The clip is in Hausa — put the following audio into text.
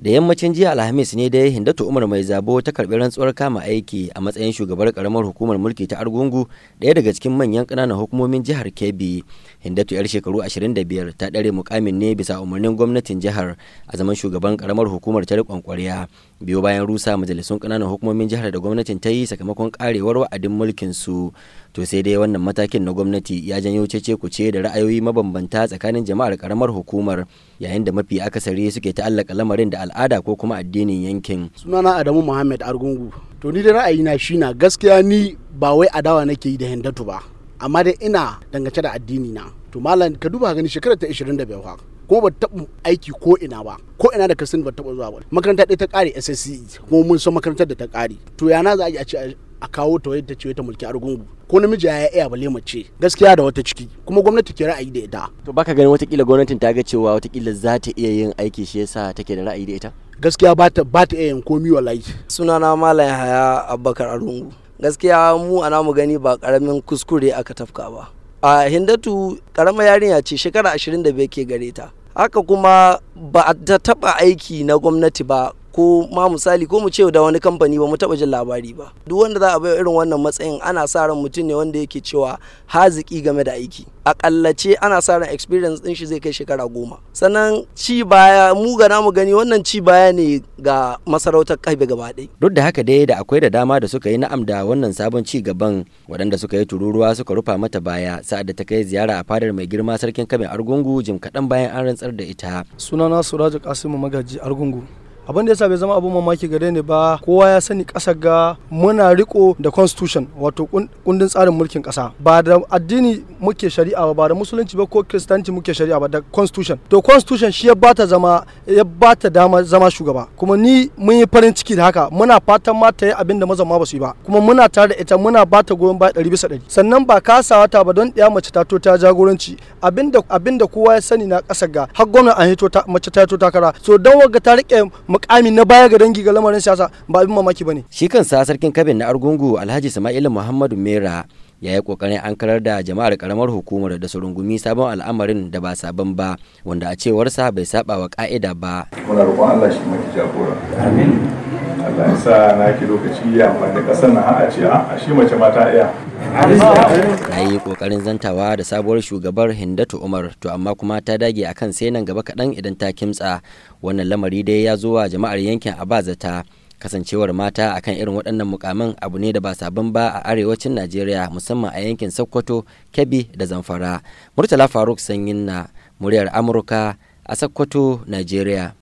da yammacin jiya alhamis ne dai hindatu umar mai zabo ta karbi rantsuwar kama aiki a matsayin shugabar karamar hukumar mulki ta argungu daya daga cikin manyan kananan hukumomin jihar kebbi hindatu yar shekaru 25 ta dare mukamin ne bisa umarnin gwamnatin jihar a zaman shugaban karamar hukumar ta rikon kwarya biyo bayan rusa majalisun kananan hukumomin jihar da gwamnatin ta yi sakamakon karewar wa'adin mulkin su to sai dai wannan matakin na gwamnati ya janyo cece ce da ra'ayoyi mabambanta tsakanin jama'ar karamar hukumar yayin da mafi akasari suke ta'allaka lamarin da al'ada ko kuma addinin yankin sunana adamu muhammad argungu to ni da ra'ayina shi na gaskiya ni ba wai adawa nake yi da hindatu ba amma dai ina dangance da addini na to malam ka duba gani shekarar ta 25 fa kuma ba taɓa aiki ko ina ba ko ina da kasin ba taɓa zuwa ba makaranta ɗaya ta ƙare SSCE kuma mun san makarantar da ta ƙare to yana za a yi a ce a kawo ta ta ce ta mulki argungu ko namiji ya iya bale mace gaskiya da wata ciki kuma gwamnati ke ra'ayi da ita to baka ganin watakila gwamnatin ta ga cewa watakila za ta iya yin aiki shi yasa take da ra'ayi da ita gaskiya ba ta ba ta iya yin komi wallahi sunana malam haya abubakar argungu gaskiya mu ana mu gani ba karamin kuskure aka tafka ba a hindatu karamar yarinya ce shekara 25 ke gare ta haka kuma ba ta taba aiki na gwamnati ba ko ma misali ko mu ce da wani kamfani ba mu taba jin labari ba duk wanda za a bai irin wannan matsayin ana sa ran mutum ne wanda yake cewa haziki game da aiki akallace ana sa ran experience din shi zai kai shekara goma sannan ci baya mu ga namu gani wannan ci baya ne ga masarautar kabe gaba ɗaya duk da haka dai da akwai da dama da suka yi na'am da wannan sabon ci gaban waɗanda suka yi tururuwa suka rufa mata baya sa'ad da ta kai ziyara a fadar mai girma sarkin kabe argungu jim kaɗan bayan an rantsar da ita sunana suraju kasimu magaji argungu abin da yasa bai zama abin mamaki gare ni ba kowa ya sani ƙasar ga muna riko da constitution wato kundin tsarin mulkin ƙasa ba da addini muke shari'a ba da musulunci ba ko kiristanci muke shari'a ba da constitution to constitution shi ya bata zama ya bata dama zama shugaba kuma ni mun yi farin ciki da haka muna fatan ma ta yi abin da mazan ba su yi ba kuma muna tare da ita muna bata goyon baya ɗari bisa ɗari sannan ba kasawa ta ba don ɗaya mace ta to ta jagoranci abinda abinda kowa ya sani na ƙasar ga har gwamnati an hito ta mace ta to takara so don wagga ta riƙe mukami na baya ga dangi ga lamarin siyasa ba abin mamaki ba ne. shi sa sarkin kabin na argungu alhaji sama'ilu muhammadu mera ya yi kokarin ankarar da jama'ar karamar hukumar da su rungumi sabon al'amarin da ba sabon ba wanda a cewarsa bai saba wa ka'ida ba muna roƙon Allah shi maki jagora amin Allah ya sa na ki lokaci ya amfani da kasar na a ce a shi mace mata iya na yi kokarin zantawa da sabuwar shugabar hindatu umar to amma kuma ta dage akan sai nan gaba kaɗan idan ta kimtsa wannan lamari dai ya zo wa jama'ar yankin a zata. kasancewar mata a kan irin waɗannan mukamin abu ne da ba sabon ba a arewacin najeriya musamman a yankin sokoto kebbi da zamfara murtala faruk sanyin na muryar amurka a sokoto najeriya